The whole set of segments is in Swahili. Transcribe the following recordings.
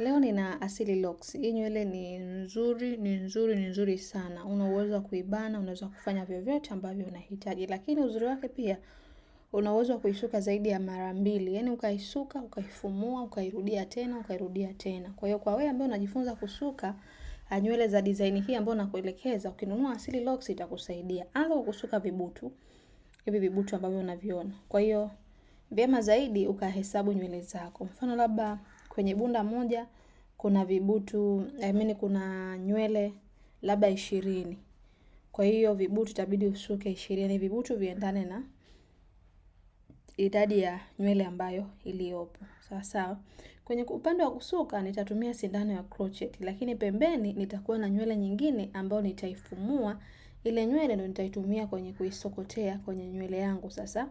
Leo nina Asili Locks. Hii nywele ni nzuri, ni nzuri, ni nzuri sana. Una uwezo wa kuibana, unaweza kufanya vyovyote ambavyo unahitaji. Lakini uzuri wake pia una uwezo wa kuisuka zaidi ya mara mbili. Yaani ukaisuka, ukaifumua, ukairudia tena, ukairudia tena. Kwa hiyo kwa wewe ambaye unajifunza kusuka ah, nywele za design hii ambayo nakuelekeza, ukinunua Asili Locks itakusaidia. Anza kwa kusuka vibutu. Hivi vibutu ambavyo unaviona. Kwa hiyo vyema zaidi ukahesabu nywele zako. Mfano labda kwenye bunda moja kuna vibutu I kuna nywele labda ishirini. Kwa hiyo vibutu itabidi usuke ishirini, yaani vibutu viendane na idadi ya nywele ambayo iliyopo. Sawa sawa. Kwenye upande wa kusuka nitatumia sindano ya crochet, lakini pembeni nitakuwa na nywele nyingine ambayo nitaifumua. Ile nywele ndio nitaitumia kwenye kuisokotea kwenye nywele yangu sasa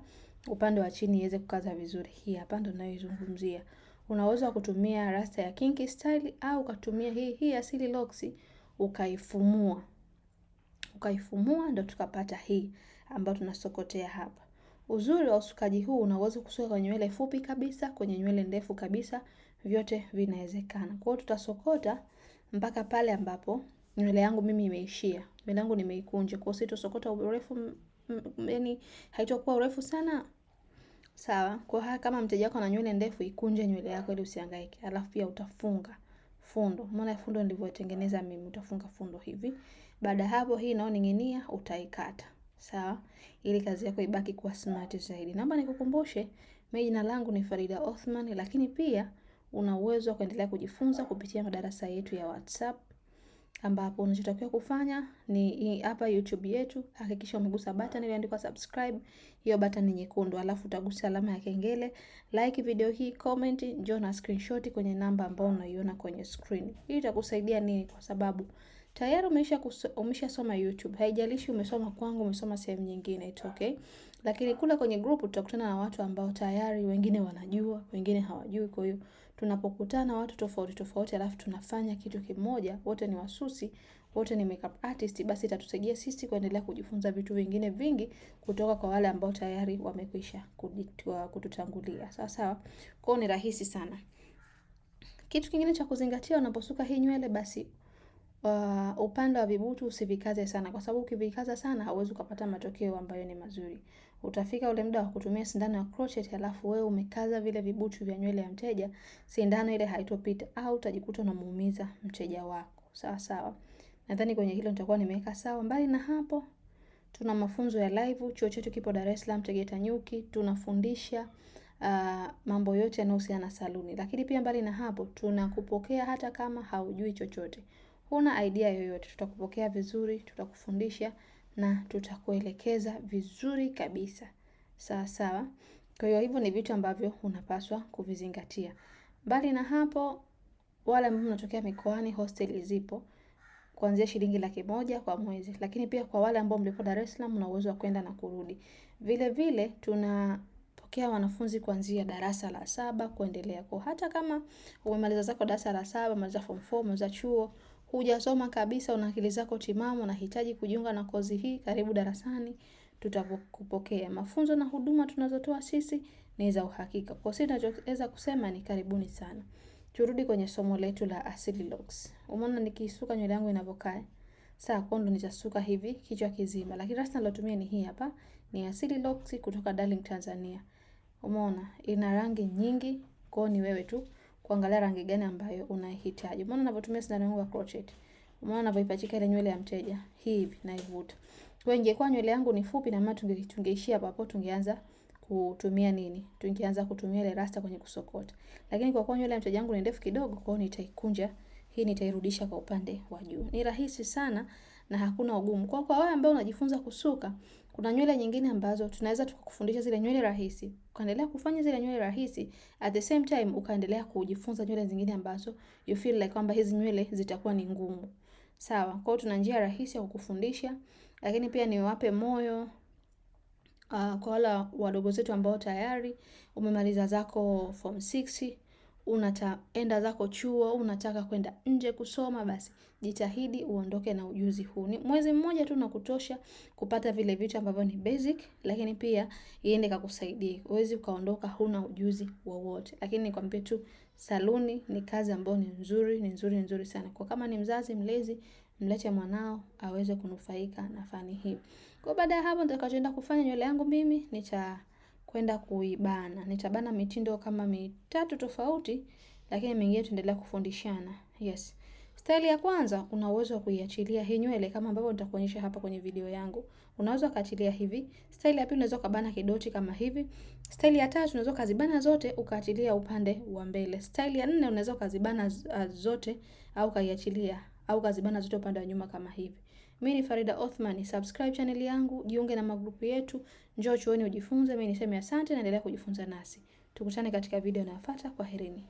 upande wa chini iweze kukaza vizuri. Hii hapa ndio ninayoizungumzia unaweza kutumia rasta ya kinky style au ukatumia hii hii asili locks ukaifumua ukaifumua ndo tukapata hii ambayo tunasokotea hapa. Uzuri wa usukaji huu, unaweza kusuka kwenye nywele fupi kabisa, kwenye nywele ndefu kabisa, vyote vinawezekana. Kwa hiyo tutasokota mpaka pale ambapo nywele yangu mimi imeishia. Nywele yangu nimeikunja, kwa hiyo sitosokota urefu, yani haitakuwa urefu sana Sawa. Kwa hiyo kama mteja wako ana nywele ndefu, ikunje nywele yako ili usihangaike. Alafu pia utafunga fundo. Maana fundo nilivyotengeneza mimi, utafunga fundo hivi. Baada hapo hii inaoning'inia utaikata. Sawa? Ili kazi yako ibaki kuwa smart zaidi. Naomba nikukumbushe, mimi jina langu ni Farida Othman, lakini pia una uwezo wa kuendelea kujifunza kupitia madarasa yetu ya WhatsApp ambapo unachotakiwa kufanya ni hapa YouTube yetu, hakikisha umegusa button iliyoandikwa subscribe. Hiyo button nyekundu, alafu utagusa alama ya kengele, like video hii, comment, njoo na screenshot kwenye namba ambayo unaiona kwenye screen. Hii itakusaidia nini? Kwa sababu tayari umesha umeshasoma YouTube, haijalishi umesoma kwangu, umesoma sehemu nyingine, it's okay. Lakini kule kwenye grupu tutakutana na watu ambao tayari wengine wanajua, wengine hawajui. Kwa hiyo tunapokutana watu tofauti tofauti, alafu tunafanya kitu kimoja, wote ni wasusi, wote ni makeup artist, basi itatusaidia sisi kuendelea kujifunza vitu vingine vingi kutoka kwa wale ambao tayari wamekwisha kututangulia. Sawa sawa, kwao ni rahisi sana. Kitu kingine cha kuzingatia unaposuka hii nywele basi Uh, upande wa vibutu usivikaze sana, kwa sababu ukivikaza sana hauwezi ukapata matokeo ambayo ni mazuri. Utafika ule muda wa kutumia sindano ya crochet, alafu wewe umekaza vile vibuchu vya nywele ya mteja, sindano ile haitopita au utajikuta unamuumiza mteja wako. Sawa sawa, nadhani kwenye hilo nitakuwa nimeweka sawa. Mbali na hapo, tuna mafunzo ya live. Chuo chetu kipo Dar es Salaam, Tegeta Nyuki, tunafundisha Uh, mambo yote yanayohusiana na saluni, lakini pia mbali na hapo tunakupokea hata kama haujui chochote, huna idea yoyote, tutakupokea vizuri, tutakufundisha na tutakuelekeza vizuri kabisa. Sawa sawa. Kwa hiyo hivyo ni vitu ambavyo unapaswa kuvizingatia. Mbali na hapo, wale ambao mnatokea mikoani, hosteli zipo kuanzia shilingi laki moja kwa mwezi, lakini pia kwa wale ambao mlipo Dar es Salaam, una uwezo wa kwenda na kurudi. Vile vile tunapokea wanafunzi kuanzia darasa la saba kuendelea. Kwa hata kama umemaliza zako darasa la saba, umemaliza form 4, umemaliza chuo hujasoma kabisa, una akili zako timamu, unahitaji kujiunga na kozi hii, karibu darasani, tutakupokea. Mafunzo na huduma tunazotoa sisi ni za uhakika. Kwa sisi tunachoweza kusema ni karibuni sana. Turudi kwenye somo letu la asili locks. Umeona nikisuka nywele yangu inavyokaa. Sasa kondo nitasuka hivi kichwa kizima. Lakini rasta nilotumia ni hii hapa, ni asili locks kutoka Darling Tanzania. Umeona ina rangi nyingi, kwao ni wewe tu kuangalia rangi gani ambayo unahitaji. Umeona ninavyotumia sindano yangu ya crochet. Umeona ninavyoipachika ile nywele ya mteja. Hivi naivuta. Kwa ingekuwa nywele yangu ni fupi na maana tungeishia hapo hapo tungeanza kutumia nini? Tungeanza kutumia ile rasta kwenye kusokota. Lakini kwa kuwa nywele ya mteja wangu ni ndefu kidogo, kwa hiyo nitaikunja. Hii nitairudisha kwa upande wa juu. Ni rahisi sana na hakuna ugumu. Kwa kwa wewe ambaye unajifunza kusuka, kuna nywele nyingine ambazo tunaweza tukakufundisha zile nywele rahisi, ukaendelea kufanya zile nywele rahisi, at the same time ukaendelea kujifunza nywele zingine ambazo you feel like kwamba hizi nywele zitakuwa ni ngumu. Sawa, kwa hiyo tuna njia rahisi ya kukufundisha, lakini pia niwape moyo Uh, kwa wale wadogo zetu ambao tayari umemaliza zako form 6 unataenda zako chuo, unataka kwenda nje kusoma, basi jitahidi uondoke na ujuzi huu. Ni mwezi mmoja tu na kutosha kupata vile vitu ambavyo ni basic, lakini pia iende kakusaidie. Uwezi ukaondoka huna ujuzi wowote, lakini nikwambie tu saluni ni kazi ambayo ni nzuri, ni nzuri, nzuri sana. Kwa kama ni mzazi mlezi, mlete mwanao aweze kunufaika na fani hii. Kwa baada ya hapo, nitakachoenda kufanya nywele yangu mimi nita kwenda kuibana. Nitabana mitindo kama mitatu tofauti, lakini mingine tuendelea kufundishana. Yes. Staili ya kwanza, una uwezo wa kuiachilia hii nywele kama ambavyo nitakuonyesha hapa kwenye video yangu. Unaweza kaachilia hivi. Staili ya pili, unaweza kabana kidoti kama hivi. Staili ya tatu, unaweza kazibana zote ukaachilia upande wa mbele. Staili ya nne, unaweza kazibana ah, zote au kaiachilia au kazibana zote upande wa nyuma kama hivi. Mimi ni Farida Othman, subscribe channel yangu, jiunge na magrupu yetu, njoo chuoni ujifunze. Mimi niseme asante na endelea kujifunza nasi. Tukutane katika video inayofuata. Kwaherini.